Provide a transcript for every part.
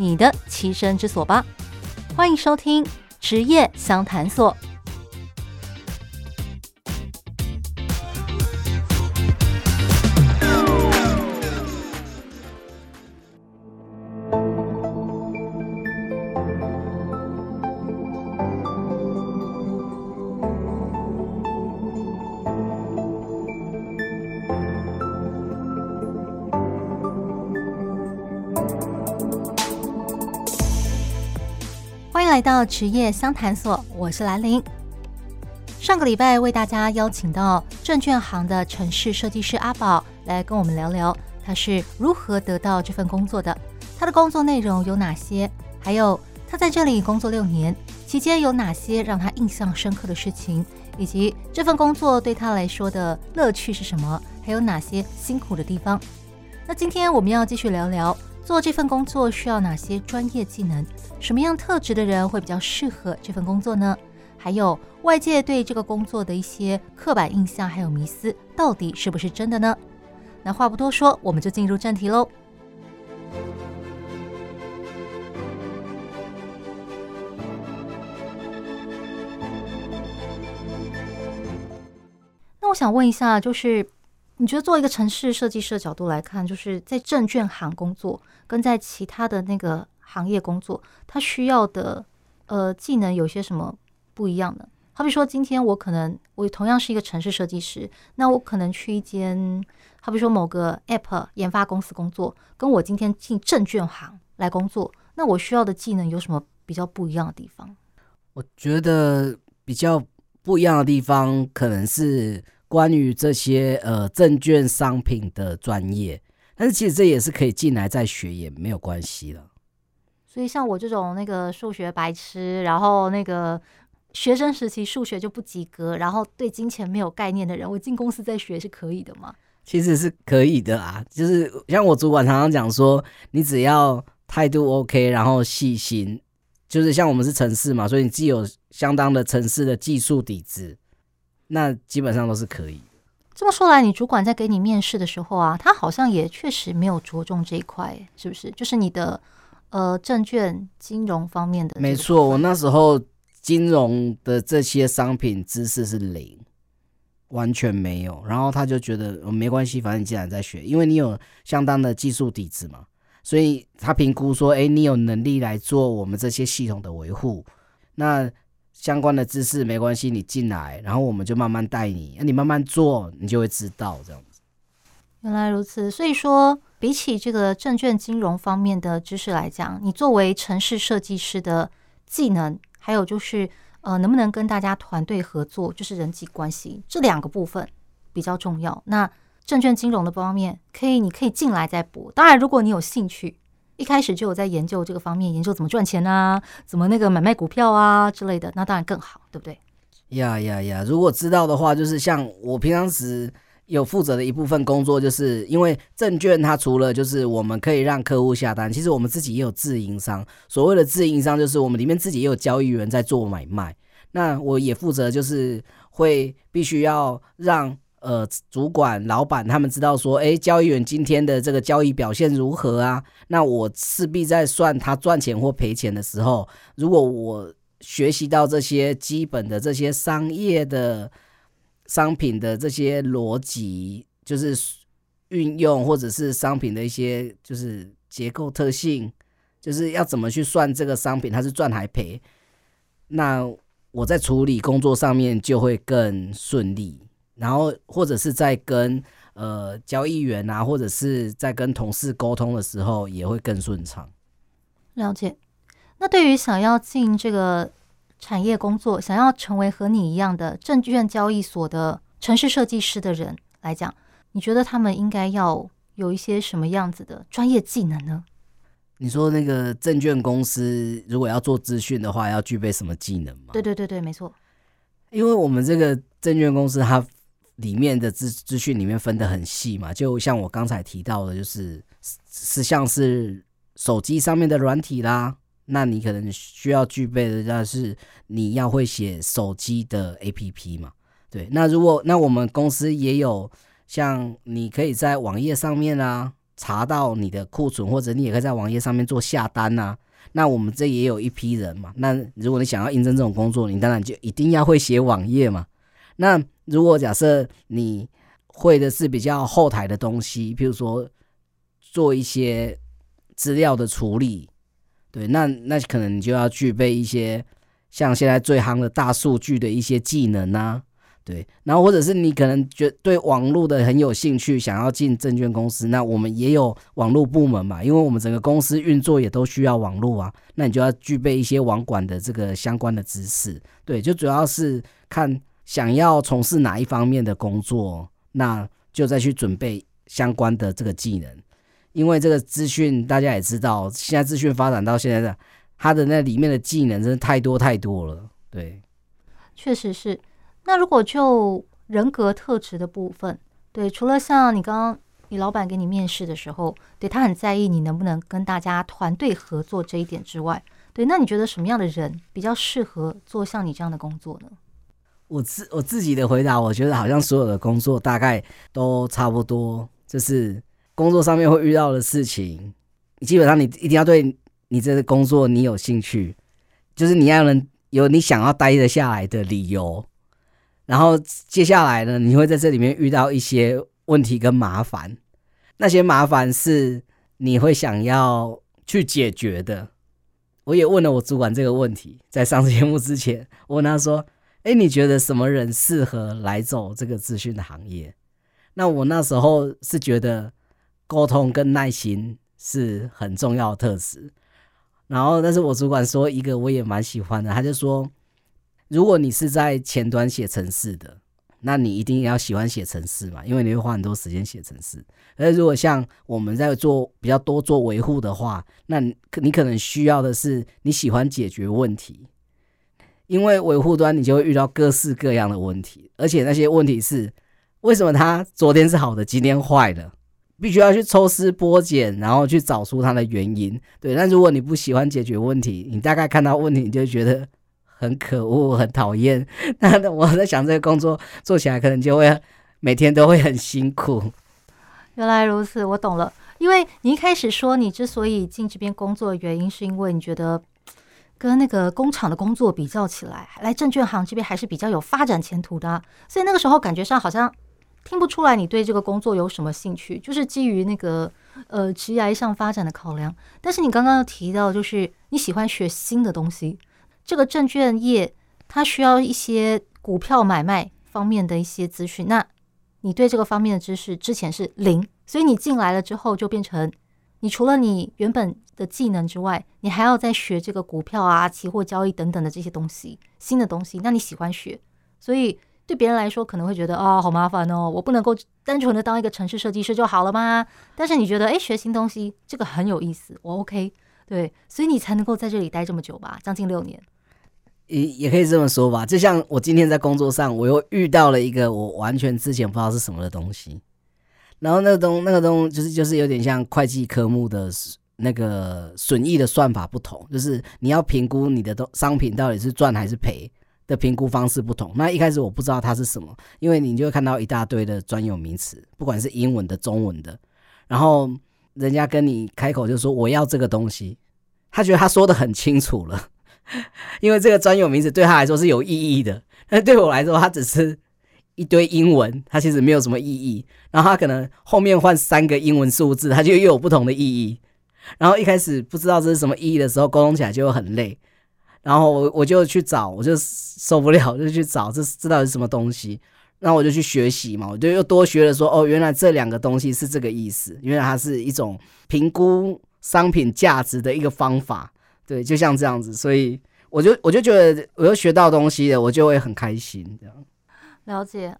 你的棲身之所吧，歡迎收聽職業相談所。來到職業相談所，我是蘭玲。上個禮拜為大家邀請到證券行的程式設計師阿寶來跟我們聊聊，他是如何得到這份工作的，他的工作內容有哪些，還有他在這裡工作六年期間有哪些讓他印象深刻的事情，以及這份工作對他來說的樂趣是什麼，還有哪些辛苦的地方。那今天我們要繼續聊聊。做這份工作需要哪些專業技能？什麼樣特質的人會比較適合這份工作呢？還有外界對這個工作的一些刻板印象還有迷思，到底是不是真的呢？那話不多說，我們就進入正題嘍。那我想問一下，就是。你覺得作為一個程式設計師的角度來看，就是在證券行工作，跟在其他的那個行業工作，他需要的呃技能有些什麼不一樣的？好比說，今天我可能我同樣是一個程式設計師，那我可能去一間好比說某個 App 研發公司工作，跟我今天進證券行來工作，那我需要的技能有什麼比較不一樣的地方？我覺得比較不一樣的地方可能是。關於這些呃證券商品的專業，但是其實這也是可以進來再學也沒有關係了。所以像我這種那個數學白痴，然後那個學生時期數學就不及格，然後對金錢沒有概念的人，我進公司再學是可以的嗎？其實是可以的啊，就是像我主管常常講說，你只要態度 OK，然後細心，就是像我們是程式嘛，所以你既有相當的程式的技術底子。那基本上都是可以。這麼說來，你主管在給你面試的時候啊，他好像也確實沒有着重這一塊，是不是？就是你的呃證券金融方面的。沒錯，我那時候金融的這些商品知識是零，完全沒有。然後他就覺得，哦，沒關係，反正你既然在學，因為你有相當的技術底子嘛，所以他評估說，誒，你有能力來做我們這些系統的維護。那相關的知識沒關係，你進來，然後我們就慢慢帶你，那你慢慢做，你就會知道這樣子。原來如此，所以說比起這個證券金融方面的知識來講，你作為程式設計師的技能，還有就是呃，能不能跟大家團隊合作，就是人際關係這兩個部分比較重要。那證券金融的方面，可以，你可以進來再補。當然，如果你有興趣。一開始就有在研究這個方面，研究怎麼賺錢啊，怎麼那個買賣股票啊之類的，那當然更好，對不對？呀呀呀！如果知道的話，就是像我平常時有負責的一部分工作，就是因為證券它除了就是我們可以讓客戶下單，其實我們自己也有自營商。所謂的自營商就是我們裡面自己也有交易員在做買賣。那我也負責，就是會必須要讓。呃，主管、老闆他們知道說，誒，交易員今天的這個交易表現如何啊？那我勢必在算他賺錢或賠錢的時候，如果我學習到這些基本的這些商業的商品的這些邏輯，就是運用或者是商品的一些就是結構特性，就是要怎麼去算這個商品它是賺還賠，那我在處理工作上面就會更順利。然後或者是在跟呃交易員啊，或者是在跟同事溝通的時候也會更順暢。了解。那對於想要進這個產業工作、想要成為和你一樣的證券交易所的程式設計師的人來講，你覺得他們應該要有一些什麼樣子的專業技能呢？你說那個證券公司如果要做資訊的話，要具備什麼技能嗎？對對對對，沒錯。因為我們這個證券公司，它裡面的資資訊裡面分得很細嘛，就像我剛才提到的，就是是像是手機上面的軟體啦，那你可能需要具備的，但是你要會寫手機的 A P P 嘛，對，那如果那我們公司也有像你可以在網頁上面啊查到你的庫存，或者你也可以在網頁上面做下單啊。那我們這也有一批人嘛，那如果你想要應徵這種工作，你當然就一定要會寫網頁嘛，那。如果假設你會的是比較後台的東西，譬如說做一些資料的處理，對，那那可能你就要具備一些像現在最夯的大數據的一些技能呢、啊，對。然後或者是你可能覺得對網絡的很有興趣，想要進證券公司，那我們也有網絡部門嘛，因為我們整個公司運作也都需要網絡啊。那你就要具備一些網管的這個相關的知識，對，就主要是看。想要從事哪一方面的工作，那就再去準備相關的這個技能，因為這個資訊大家也知道，現在資訊發展到現在的，它的那裡面的技能真的太多太多了。對，確實是。那如果就人格特質的部分，對，除了像你剛剛你老闆給你面試的時候，對，他很在意你能不能跟大家團隊合作這一點之外，對，那你覺得什麼樣的人比較適合做像你這樣的工作呢？我自我自己的回答，我覺得好像所有的工作大概都差不多，就是工作上面會遇到的事情。你基本上，你一定要對你這個工作你有興趣，就是你要有能有你想要待得下來的理由。然後接下來呢，你會在這裡面遇到一些問題跟麻煩，那些麻煩是你會想要去解決的。我也問了我主管這個問題，在上次節目之前，我問他說。哎，你覺得什麼人適合來走這個資訊的行業？那我那時候是覺得溝通跟耐心是很重要的特質。然後，但是我主管說一個我也蠻喜歡的，他就說，如果你是在前端寫程式的，那你一定要喜歡寫程式嘛，因為你會花很多時間寫程式。而如果像我們在做比較多做維護的話，那你你可能需要的是你喜歡解決問題。因為維護端，你就會遇到各式各樣的問題，而且那些問題是為什麼它昨天是好的，今天壞了，必須要去抽絲剝繭，然後去找出它的原因。對，但如果你不喜歡解決問題，你大概看到問題你就覺得很可惡、很討厭。那我在想，這個工作做起來可能就會每天都會很辛苦。原來如此，我懂了。因為你一開始說，你之所以進這邊工作的原因，是因為你覺得。跟那個工廠的工作比較起來，來證券行這邊還是比較有發展前途的啊。所以那個時候感覺上好像聽不出來你對這個工作有什麼興趣，就是基於那個呃職業上發展的考量。但是你剛剛提到，就是你喜歡學新的東西。這個證券業它需要一些股票買賣方面的一些資訊，那你對這個方面的知識之前是零，所以你進來了之後就變成。你除了你原本的技能之外，你還要再學這個股票啊、期貨交易等等的這些東西，新的東西。那你喜歡學，所以對別人來說可能會覺得啊、哦，好麻煩哦，我不能夠單純的當一個程式設計師就好了嗎？但是你覺得，哎，學新東西這個很有意思，我 OK，對，所以你才能夠在這裡待這麼久吧，將近六年。也也可以這麼說吧，就像我今天在工作上，我又遇到了一個我完全之前不知道是什麼的東西。然後那個東那個東就是就是有點像會計科目的那個損益的算法不同，就是你要評估你的東商品到底是賺還是賠的評估方式不同。那一開始我不知道它是什麼，因為你就會看到一大堆的專有名詞，不管是英文的、中文的。然後人家跟你開口就說，我要這個東西，他覺得他說得很清楚了，因為這個專有名詞對他來說是有意義的，但對我來說他只是。一堆英文，它其實沒有什麼意義。然後它可能後面換三個英文數字，它就又有不同的意義。然後一開始不知道這是什麼意義的時候，溝通起來就會很累。然後我我就去找，我就受不了，就去找這這到底是什麼東西。然後我就去學習嘛，我就又多學了說哦，原來這兩個東西是這個意思。因為它是一種評估商品價值的一個方法。對，就像這樣子。所以我就我就覺得我又學到東西了，我就會很開心這樣。了解，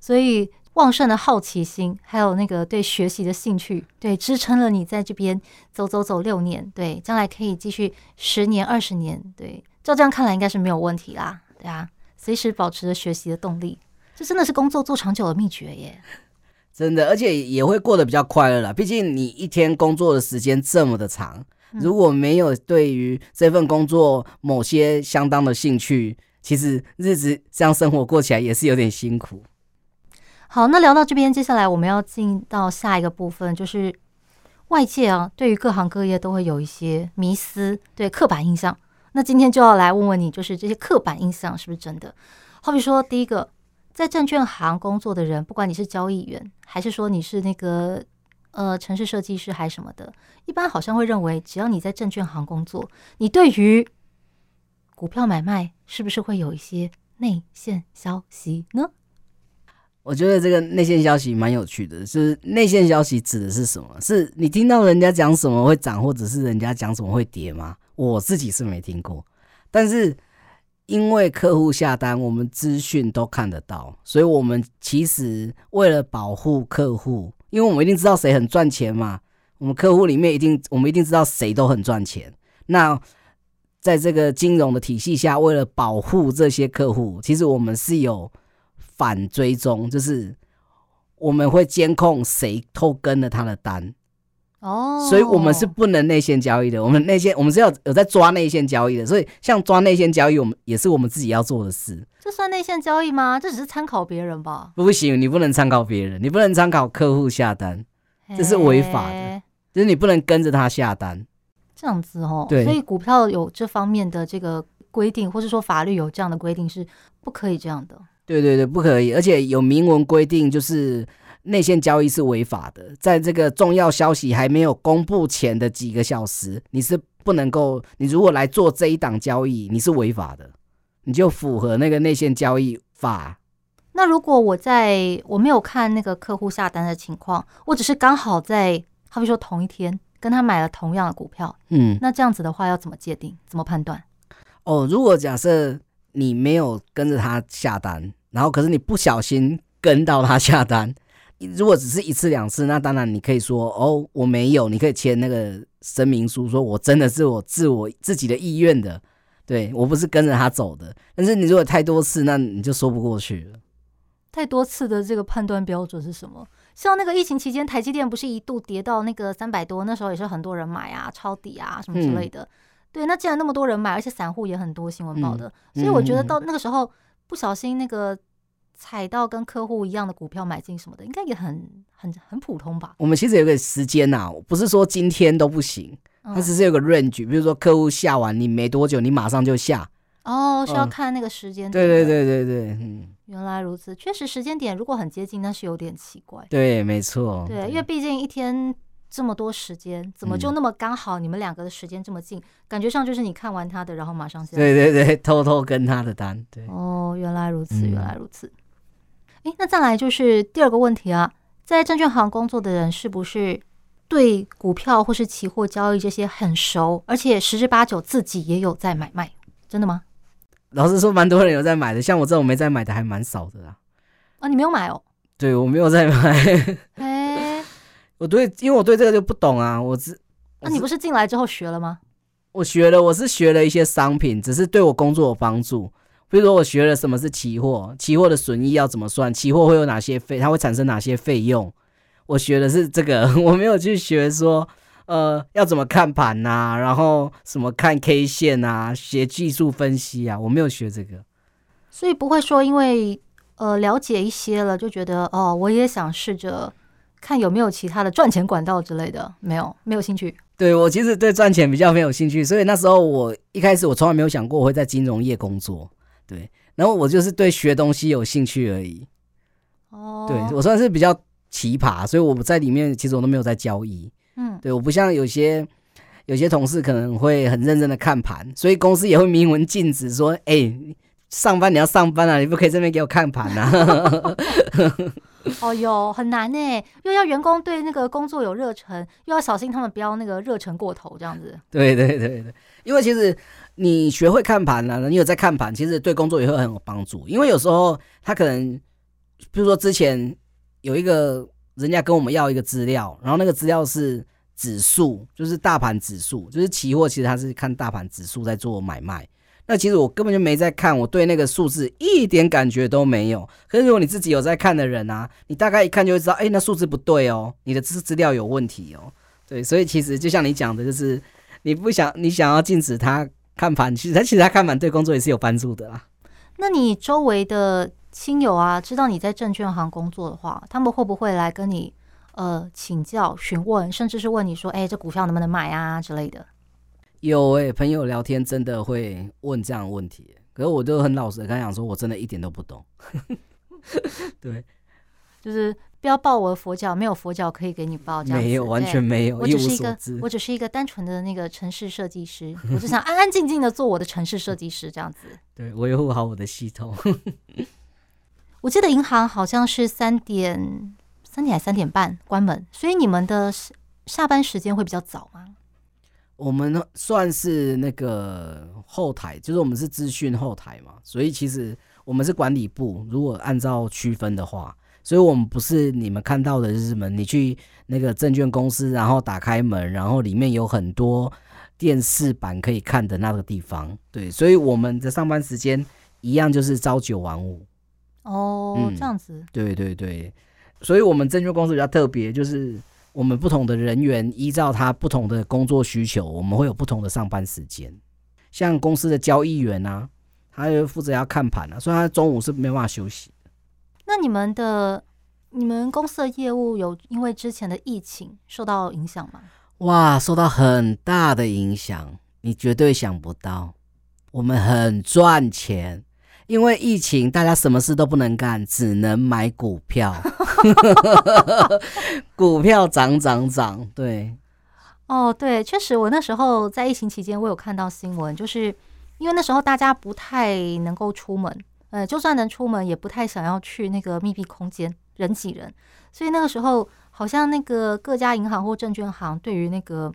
所以旺盛的好奇心，還有那個對學習的興趣，對支撐了你在這邊走走走六年，對，將來可以繼續十年、二十年，對，照這樣看來，應該是沒有問題啦，對啊，隨時保持着學習的動力，這真的是工作做長久的祕訣耶，真的，而且也會過得比較快樂啦。畢竟你一天工作的時間這麼的長，如果沒有對於這份工作某些相當的興趣。其實日子這樣生活過起來也是有點辛苦。好，那聊到這邊，接下來我們要進到下一個部分，就是外界啊，對於各行各業都會有一些迷思，對，刻板印象。那今天就要來問問你，就是這些刻板印象是不是真的？好比說，第一個，在證券行工作的人，不管你是交易員，還是說你是那個呃程式設計師還是什麼的，一般好像會認為，只要你在證券行工作，你對於股票買賣是不是會有一些內線消息呢？我覺得這個內線消息蠻有趣的。就是內線消息指的是什麼？是你聽到人家講什麼會漲，或者是人家講什麼會跌嗎？我自己是沒聽過。但是因為客戶下單，我們資訊都看得到，所以我們其實為了保護客戶，因為我們一定知道誰很賺錢嘛。我們客戶裡面一定，我們一定知道誰都很賺錢。那在這個金融的體系下，為了保護這些客戶，其實我們是有反追蹤，就是我們會監控誰偷跟了他的單。哦、oh，所以我們是不能內線交易的。我們內線，我們是要有在抓內線交易的。所以，像抓內線交易，我們也是我們自己要做的事。這算內線交易嗎？這只是參考別人吧？不行，你不能參考別人，你不能參考客戶下單，這是違法的。Hey. 就是你不能跟着他下單。這樣子哦，所以股票有這方面的這個規定，或是說法律有這樣的規定，是不可以這樣的。對對對，不可以，而且有明文規定，就是內線交易是違法的。在這個重要消息還沒有公布前的幾個小時，你是不能夠，你如果來做這一檔交易，你是違法的，你就符合那個內線交易法。那如果我在我沒有看那個客戶下單的情況，我只是剛好在，好比如說同一天。跟他買了同樣的股票，嗯，那這樣子的話要怎麼界定？怎麼判斷？哦，如果假設你沒有跟着他下單，然後可是你不小心跟到他下單，如果只是一次兩次，那當然你可以說哦，我沒有，你可以簽那個聲明書，說我真的是我自我自己的意願的，對我不是跟着他走的。但是你如果太多次，那你就說不過去了。太多次的這個判斷標準是什麼？像那個疫情期間，台積電不是一度跌到那個三百多，那時候也是很多人買啊，抄底啊什麼之類的、嗯。對，那既然那麼多人買，而且散戶也很多，新聞報的、嗯，所以我覺得到那個時候不小心那個踩到跟客戶一樣的股票買進什麼的，應該也很很很普通吧。我們其實有個時間啊，不是說今天都不行，它只是有個 range，比如說客戶下完你沒多久，你馬上就下。哦，是要看那個時間點。對、哦、對對對對，嗯，原來如此，確實時間點如果很接近，那是有點奇怪。對，沒錯。對，因為畢竟一天這麼多時間，嗯、怎麼就那麼剛好？你們兩個的時間這麼近、嗯，感覺上就是你看完他的，然後馬上現。對對對，偷偷跟他的單。對。哦，原來如此，原來如此。哎、嗯，那再來就是第二個問題啊，在證券行工作的人是不是對股票或是期貨交易這些很熟，而且十之八九自己也有在買賣？真的嗎？老實說，蠻多人有在買的，像我這種沒在買的還蠻少的啊。啊，你沒有買哦？對，我沒有在買。哎 我對，因為我對這個就不懂啊。我只……那、啊、你不是進來之後學了嗎？我學了，我是學了一些商品，只是對我工作有幫助。比如說，我學了什麼是期貨，期貨的損益要怎麼算，期貨會有哪些費，它會產生哪些費用。我學的是這個，我沒有去學說。呃，要怎麼看盤吶？然後什麼看 K 線吶？學技術分析啊？我沒有學這個，所以不會說因為呃了解一些了就覺得哦，我也想試着看有沒有其他的賺錢管道之類的，沒有，沒有興趣。對，我其實對賺錢比較沒有興趣，所以那時候我一開始我從來沒有想過我會在金融業工作，對。然後我就是對學東西有興趣而已。哦，對，我算是比較奇葩，所以我在裡面其實我都沒有在交易。嗯，對，我不像有些有些同事可能會很認真的看盤，所以公司也會明文禁止說，哎、欸，上班你要上班啊，你不可以這邊給我看盤啊。 哦喲，很難呢，又要員工對那個工作有熱忱，又要小心他們不要那個熱忱過頭這樣子。對對對對，因為其實你學會看盤呢、啊，你有在看盤，其實對工作也會很有幫助，因為有時候他可能，比如說之前有一個。人家跟我們要一個資料，然後那個資料是指數，就是大盤指數，就是期貨，其實他是看大盤指數在做買賣。那其實我根本就沒在看，我對那個數字一點感覺都沒有。可是如果你自己有在看的人啊，你大概一看就會知道，欸，那數字不對哦，你的資資料有問題哦。對，所以其實就像你講的，就是你不想你想要禁止他看盤，其實他其實他看盤對工作也是有幫助的啦。那你周圍的？親友啊，知道你在證券行工作的話，他們會不會來跟你呃請教、詢問，甚至是問你說：“哎，這股票能不能買啊？”之類的。有哎、欸，朋友聊天真的會問這樣的問題，可是我就很老實的跟他講說我真的一點都不懂。 對，就是不要抱我的佛腳，沒有佛腳可以給你抱，這樣子，沒有，完全沒有。我只是一個，我只是一個單純的那個程式設計師， 我就想安安靜靜的做我的程式設計師，這樣子。對，我維護好我的系統。 我記得銀行好像是三點、三點還三點半關門，所以你們的下下班時間會比較早嗎？我們算是那個後台，就是我們是資訊後台嘛，所以其實我們是管理部。如果按照區分的話，所以我們不是你們看到的日門，你去那個證券公司，然後打開門，然後裡面有很多電視版可以看的那個地方。對，所以我們的上班時間一樣，就是朝九晚五。哦、嗯，這樣子，對對對，所以我們證券公司比較特別，就是我們不同的人員依照他不同的工作需求，我們會有不同的上班時間。像公司的交易員啊，他就負責要看盤了，啊，所以他中午是沒辦法休息。那你們的你們公司的業務有因為之前的疫情受到影響嗎？哇，受到很大的影響，你絕對想不到，我們很賺錢。因為疫情，大家什麼事都不能幹，只能買股票。 股票漲漲漲，對。哦，對，確實，我那時候在疫情期間，我有看到新聞，就是因為那時候大家不太能夠出門，呃，就算能出門，也不太想要去那個密閉空間，人擠人。所以那個時候，好像那個各家銀行或證券行對於那個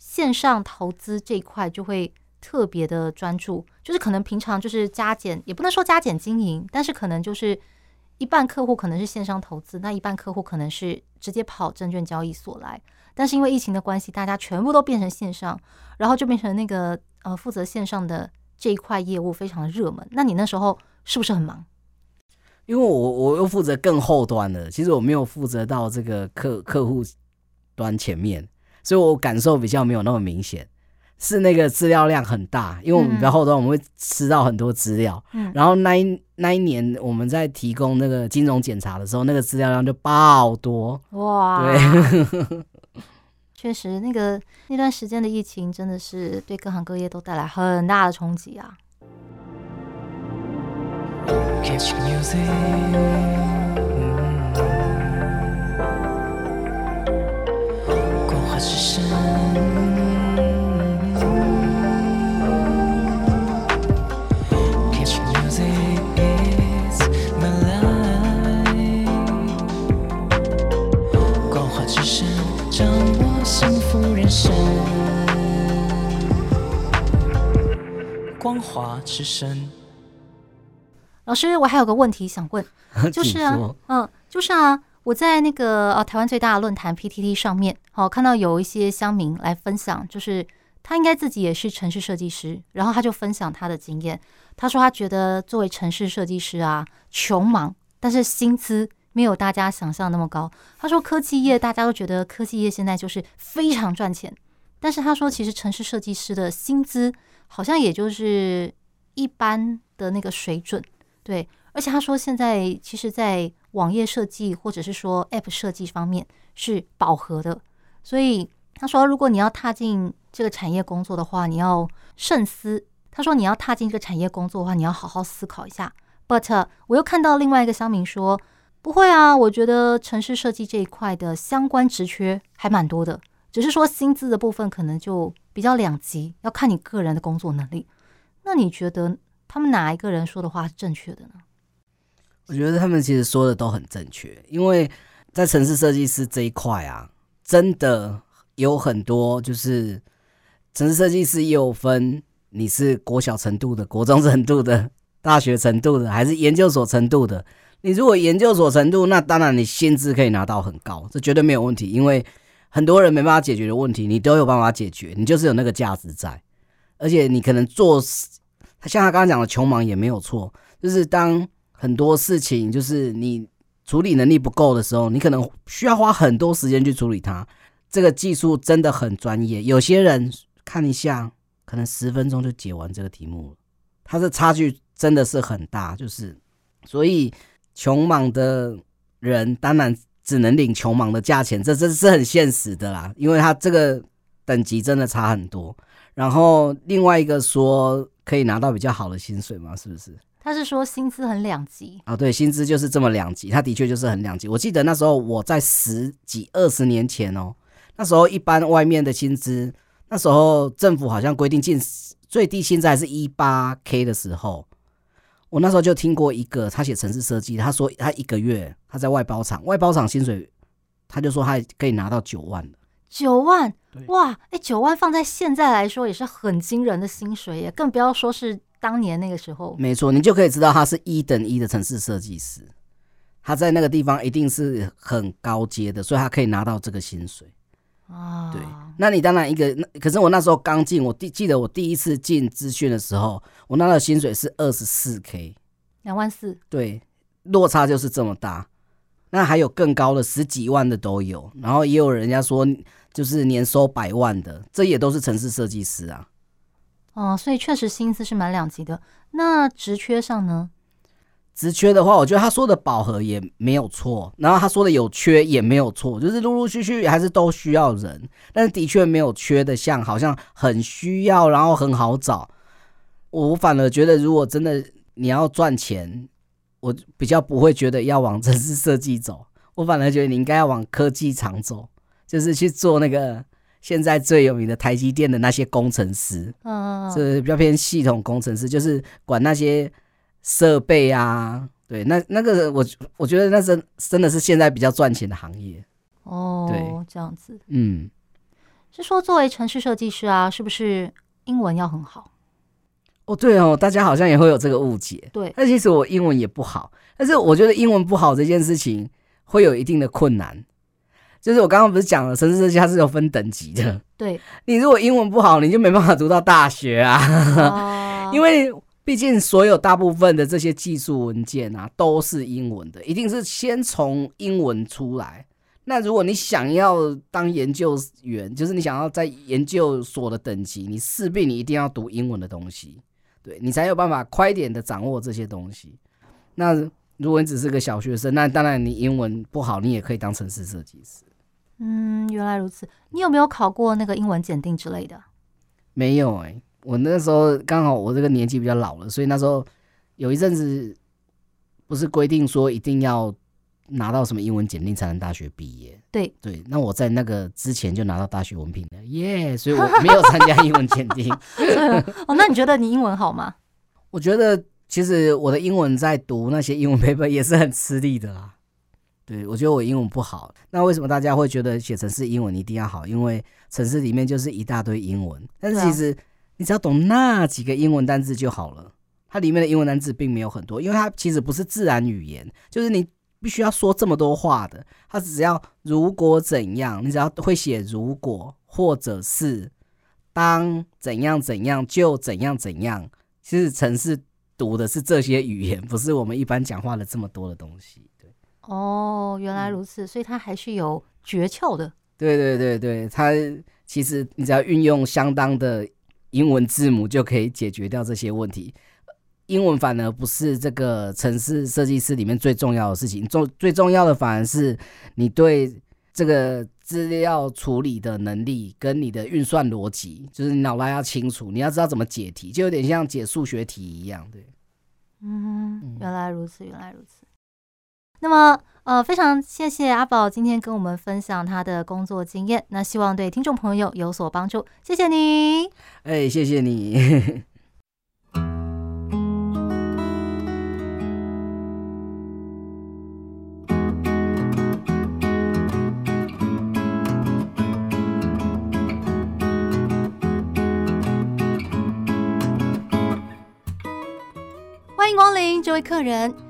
線上投資這一塊就會特別的專注，就是可能平常就是加減，也不能說加減經營，但是可能就是一半客戶可能是線上投資，那一半客戶可能是直接跑證券交易所來。但是因為疫情的關係，大家全部都變成線上，然後就變成那個呃負責線上的這一塊業務非常的熱門。那你那時候是不是很忙？因為我我又負責更後端的，其實我沒有負責到這個客客戶端前面，所以我感受比較沒有那麼明顯。是那個資料量很大，因為我們比較後端，我們會吃到很多資料。嗯，然後那一那一年我們在提供那個金融檢查的時候，那個資料量就爆多。哇！對， 確實，那個那段時間的疫情真的是對各行各業都帶來很大的衝擊啊。光華之聲，老師，我還有個問題想問，就是啊，嗯，就是啊，我在那個呃、啊、台灣最大的論壇 PTT 上面，好、啊、看到有一些鄉民來分享，就是他應該自己也是程式設計師，然後他就分享他的經驗，他說他覺得作為程式設計師啊，窮忙，但是薪資沒有大家想象那麼高。他說科技業大家都覺得科技業現在就是非常賺錢，但是他說其實程式設計師的薪資，好像也就是一般的那個水準，對。而且他說現在其實，在網頁設計或者是說 App 設計方面是飽和的，所以他說如果你要踏進這個產業工作的話，你要慎思。他說你要踏進這個產業工作的話，你要好好思考一下。But 我又看到另外一個鄉民說不會啊，我覺得程式設計這一塊的相關職缺還蠻多的，只是說薪資的部分可能就。比較兩極，要看你個人的工作能力。那你覺得他們哪一個人說的話是正確的呢？我覺得他們其實說的都很正確，因為在程式設計師這一塊啊，真的有很多就是程式設計師也有分你是國小程度的、國中程度的、大學程度的，還是研究所程度的。你如果研究所程度，那當然你薪資可以拿到很高，這絕對沒有問題，因為。很多人沒辦法解決的問題，你都有辦法解決，你就是有那個價值在。而且你可能做事，他像他剛剛講的窮忙也沒有錯，就是當很多事情就是你處理能力不夠的時候，你可能需要花很多時間去處理它。這個技術真的很專業，有些人看一下可能十分鐘就解完這個題目了，他的差距真的是很大。就是所以窮忙的人當然。只能領窮忙的價錢，這這是很現實的啦，因為他這個等級真的差很多。然後另外一個說可以拿到比較好的薪水嘛，是不是？他是說薪資很兩級。啊對，薪資就是這麼兩級，他的確就是很兩級。我記得那時候我在十幾二十年前哦，那時候一般外面的薪資，那時候政府好像規定進最低薪資還是一八 K 的時候。我那時候就聽過一個，他寫程式設計，他說他一個月他在外包廠，外包廠薪水，他就說他可以拿到九萬,萬，九萬，哇，那、欸、九萬放在現在來說也是很驚人的薪水耶，更不要說是當年那個時候。沒錯，你就可以知道他是一等一的程式設計師，他在那個地方一定是很高階的，所以他可以拿到這個薪水。啊、對，那你當然一個，可是我那時候剛進，我第記得我第一次進資訊的時候，哦、我拿的薪水是二十四 K，兩萬四，對，落差就是這麼大。那還有更高的十幾萬的都有，然後也有人家說就是年收百萬的，這也都是程式設計師啊。哦，所以確實薪資是蠻兩極的。那職缺上呢？職缺的話，我覺得他說的飽和也沒有錯，然後他說的有缺也沒有錯，就是陸陸續續，續還是都需要人，但是的確沒有缺的像好像很需要，然後很好找。我反而覺得，如果真的你要賺錢，我比較不會覺得要往程式設計走。我反而覺得你應該要往科技廠走，就是去做那個現在最有名的台積電的那些工程師，就、哦、是比較偏系統工程師，就是管那些。設備啊，對，那那個我我覺得那是真，真的是現在比較賺錢的行業哦，這樣子，嗯，是說作為程式設計師啊，是不是英文要很好？哦，對哦，大家好像也會有這個誤解，對，那其實我英文也不好，但是我覺得英文不好這件事情會有一定的困難，就是我剛剛不是講了程式設計它是有分等級的對，對，你如果英文不好，你就沒辦法讀到大學啊，啊 因為。畢竟，所有大部分的這些技術文件啊，都是英文的，一定是先從英文出來。那如果你想要當研究員，就是你想要在研究所的等級，你勢必你一定要讀英文的東西，對你才有辦法快點的掌握這些東西。那如果你只是個小學生，那當然你英文不好，你也可以當程式設計師。嗯，原來如此。你有沒有考過那個英文檢定之類的？沒有欸。我那時候剛好我這個年紀比較老了，所以那時候有一陣子不是規定說一定要拿到什麼英文檢定才能大學畢業。對對，那我在那個之前就拿到大學文憑了耶，yeah, 所以我沒有參加英文檢定 啊。哦，那你覺得你英文好嗎？ 我覺得其實我的英文在讀那些英文 paper 也是很吃力的啦、啊。對，我覺得我英文不好。那為什麼大家會覺得寫程式英文一定要好？因為程式裡面就是一大堆英文，但是其實、啊。你只要懂那幾個英文單字就好了。它裡面的英文單字並沒有很多，因為它其實不是自然語言，就是你必須要說這麼多話的。它只要如果怎樣，你只要會寫如果，或者是當怎樣怎樣就怎樣怎樣。其實程式讀的是這些語言，不是我們一般講話的這麼多的東西。對，哦，原來如此，嗯、所以它還是有訣竅的。對對對對，它其實你只要運用相當的。英文字母就可以解決掉這些問題，英文反而不是這個程式設計師裡面最重要的事情，重最重要的反而是你對這個資料處理的能力跟你的運算邏輯，就是你腦袋要清楚，你要知道怎麼解題，就有點像解數學題一樣。對，嗯，原來如此，原來如此。那麼。呃，非常謝謝阿寶今天跟我們分享他的工作經驗，那希望對聽眾朋友有所幫助。謝謝你，哎、欸，謝謝你。 歡迎光臨，這位客人。.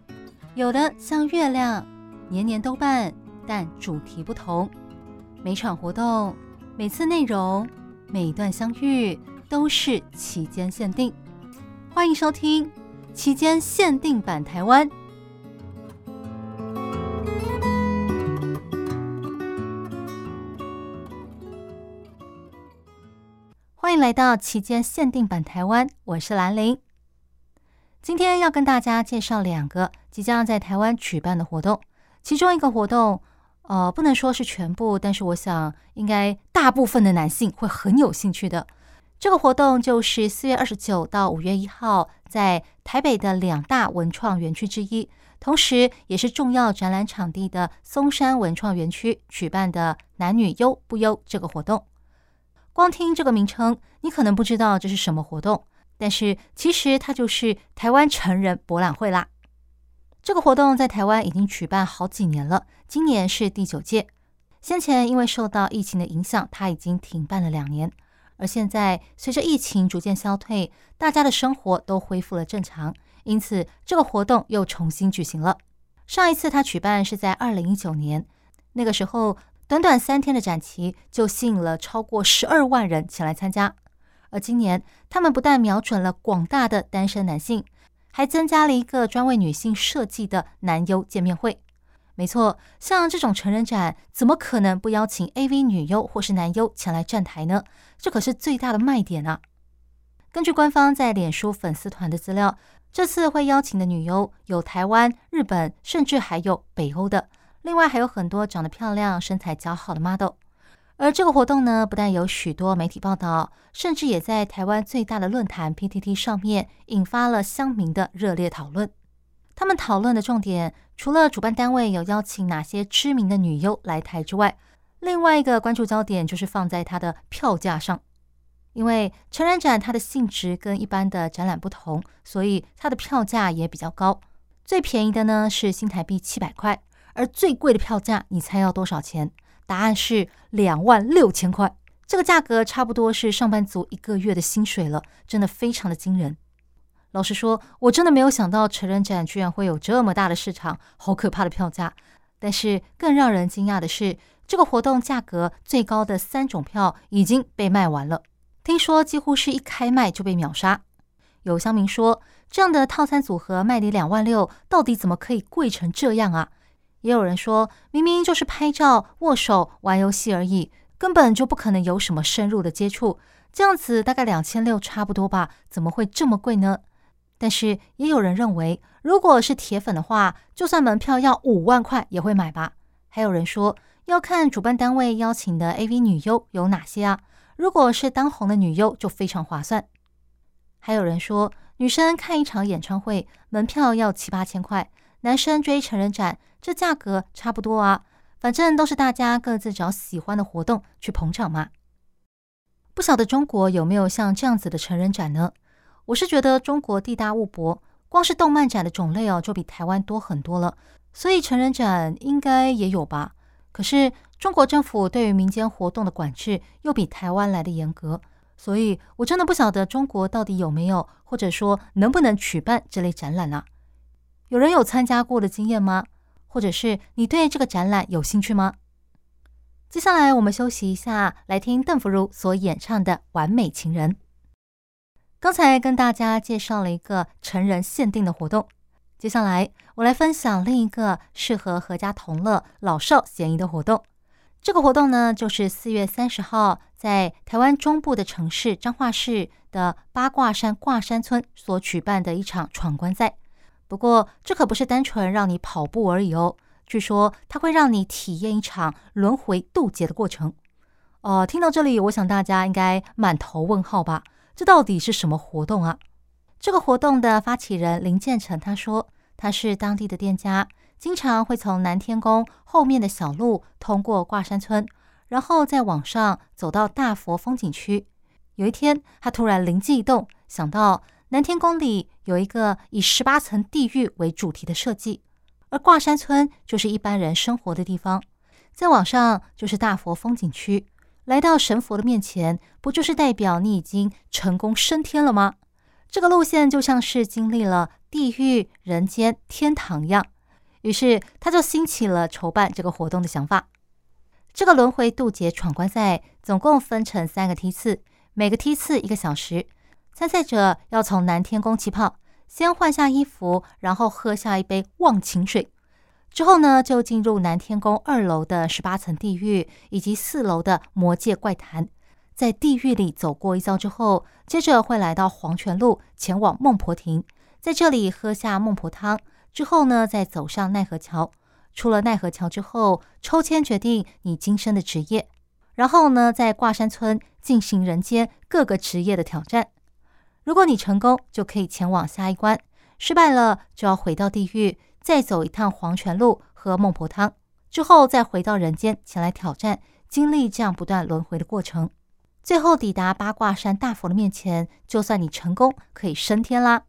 有的像月亮，年年都辦，但主題不同。每場活動、每次內容、每一段相遇，都是期間限定。歡迎收聽《期間限定版台灣》。歡迎來到《期間限定版台灣》，我是蘭陵。今天要跟大家介紹兩個，即將在台灣舉辦的活動，其中一個活動，呃，不能說是全部，但是我想應該大部分的男性會很有興趣的。這個活動就是四月二十九到五月一號在台北的兩大文創園區之一，同時也是重要展覽場地的松山文創園區舉辦的“男女優不優”這個活動。光聽這個名稱，你可能不知道這是什麼活動，但是其實它就是台灣成人博覽會啦。這個活動在台灣已經舉辦好幾年了，今年是第九屆。先前因為受到疫情的影響，它已經停辦了兩年。而現在隨着疫情逐漸消退，大家的生活都恢復了正常，因此這個活動又重新舉行了。上一次它舉辦是在二零一九年，那個時候短短三天的展期就吸引了超過十二萬人前來參加。而今年，他們不但瞄準了廣大的單身男性。還增加了一個專為女性設計的男優見面會。沒錯，像這種成人展，怎麼可能不邀請 AV 女優或是男優前來站台呢？這可是最大的賣點啊！根據官方在臉書粉絲團的資料，這次會邀請的女優有台灣、日本，甚至還有北歐的。另外還有很多長得漂亮、身材姣好的 model。而這個活動呢，不但有許多媒體報道，甚至也在台灣最大的論壇 PTT 上面引發了鄉民的熱烈討論。他們討論的重點，除了主辦單位有邀請哪些知名的女優來台之外，另外一個關注焦點就是放在它的票價上。因為成人展它的性質跟一般的展覽不同，所以它的票價也比較高。最便宜的呢是新台幣七百塊，而最貴的票價，你猜要多少錢？答案是兩萬六千塊，這個價格差不多是上班族一個月的薪水了，真的非常的驚人。老實說，我真的沒有想到成人展居然會有這麼大的市場，好可怕的票價。但是更讓人驚訝的是，這個活動價格最高的三種票已經被賣完了，聽說幾乎是一開賣就被秒殺。有鄉民說，這樣的套餐組合賣你兩萬六，到底怎麼可以貴成這樣啊？也有人說，明明就是拍照、握手、玩遊戲而已，根本就不可能有什麼深入的接觸。這樣子大概兩千六差不多吧，怎麼會這麼貴呢？但是也有人認為，如果是鐵粉的話，就算門票要五萬塊也會買吧。還有人說，要看主辦單位邀請的 AV 女優有哪些啊？如果是當紅的女優，就非常划算。還有人說，女生看一場演唱會，門票要七八千塊。男生追成人展，這價格差不多啊，反正都是大家各自找喜歡的活動去捧場嘛。不曉得中國有沒有像這樣子的成人展呢？我是覺得中國地大物博，光是動漫展的種類哦，就比台灣多很多了，所以成人展應該也有吧。可是中國政府對於民間活動的管制又比台灣來的嚴格，所以我真的不曉得中國到底有沒有，或者說能不能舉辦這類展覽啦。有人有參加過的經驗嗎？或者是你對這個展覽有興趣嗎？接下來我們休息一下，來聽鄧福如所演唱的《完美情人》。剛才跟大家介紹了一個成人限定的活動，接下來我來分享另一個適合闔家同樂、老少咸宜的活動。這個活動呢，就是四月三十號在台灣中部的城市彰化市的八卦山卦山村所舉辦的一場闖關賽。不過，這可不是單純讓你跑步而已哦。據說它會讓你體驗一場輪迴渡劫的過程。哦，聽到這裡，我想大家應該滿頭問號吧？這到底是什麼活動啊？這個活動的發起人林建成他說，他是當地的店家，經常會從南天宮後面的小路通過卦山村，然後再往上走到大佛風景區。有一天，他突然靈機一動，想到。南天宮裡有一個以十八層地獄為主題的設計，而掛山村就是一般人生活的地方，再往上就是大佛風景區。來到神佛的面前，不就是代表你已經成功升天了嗎？這個路線就像是經歷了地獄、人間、天堂一樣。於是他就興起了籌辦這個活動的想法。這個輪回渡劫闖關賽總共分成三個梯次，每個梯次一個小時。參賽者要從南天宮起跑，先換下衣服，然後喝下一杯忘情水。之後呢，就進入南天宮二樓的十八層地獄，以及四樓的魔界怪談。在地獄裡走過一遭之後，接着會來到黃泉路，前往孟婆亭，在這裡喝下孟婆湯。之後呢，再走上奈何橋。出了奈何橋之後，抽籤決定你今生的職業，然後呢，在卦山村進行人間各個職業的挑戰。如果你成功，就可以前往下一關；失敗了，就要回到地獄，再走一趟黃泉路，喝孟婆湯，之後再回到人間，前來挑戰，經歷這樣不斷輪迴的過程。最後抵達八卦山大佛的面前，就算你成功，可以升天啦。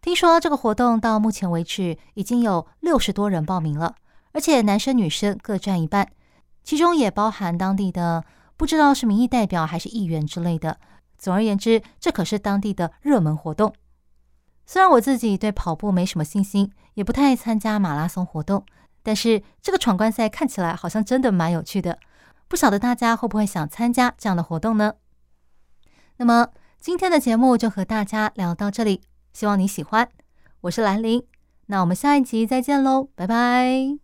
聽說這個活動到目前為止已經有六十多人報名了，而且男生女生各佔一半，其中也包含當地的，不知道是民意代表還是議員之類的。總而言之，這可是當地的熱門活動。雖然我自己對跑步沒什麼信心，也不太愛參加馬拉松活動，但是這個闖關賽看起來好像真的蠻有趣的。不曉得大家會不會想參加這樣的活動呢？那麼今天的節目就和大家聊到這裡，希望你喜歡。我是蘭陵，那我們下一集再見嘍，拜拜。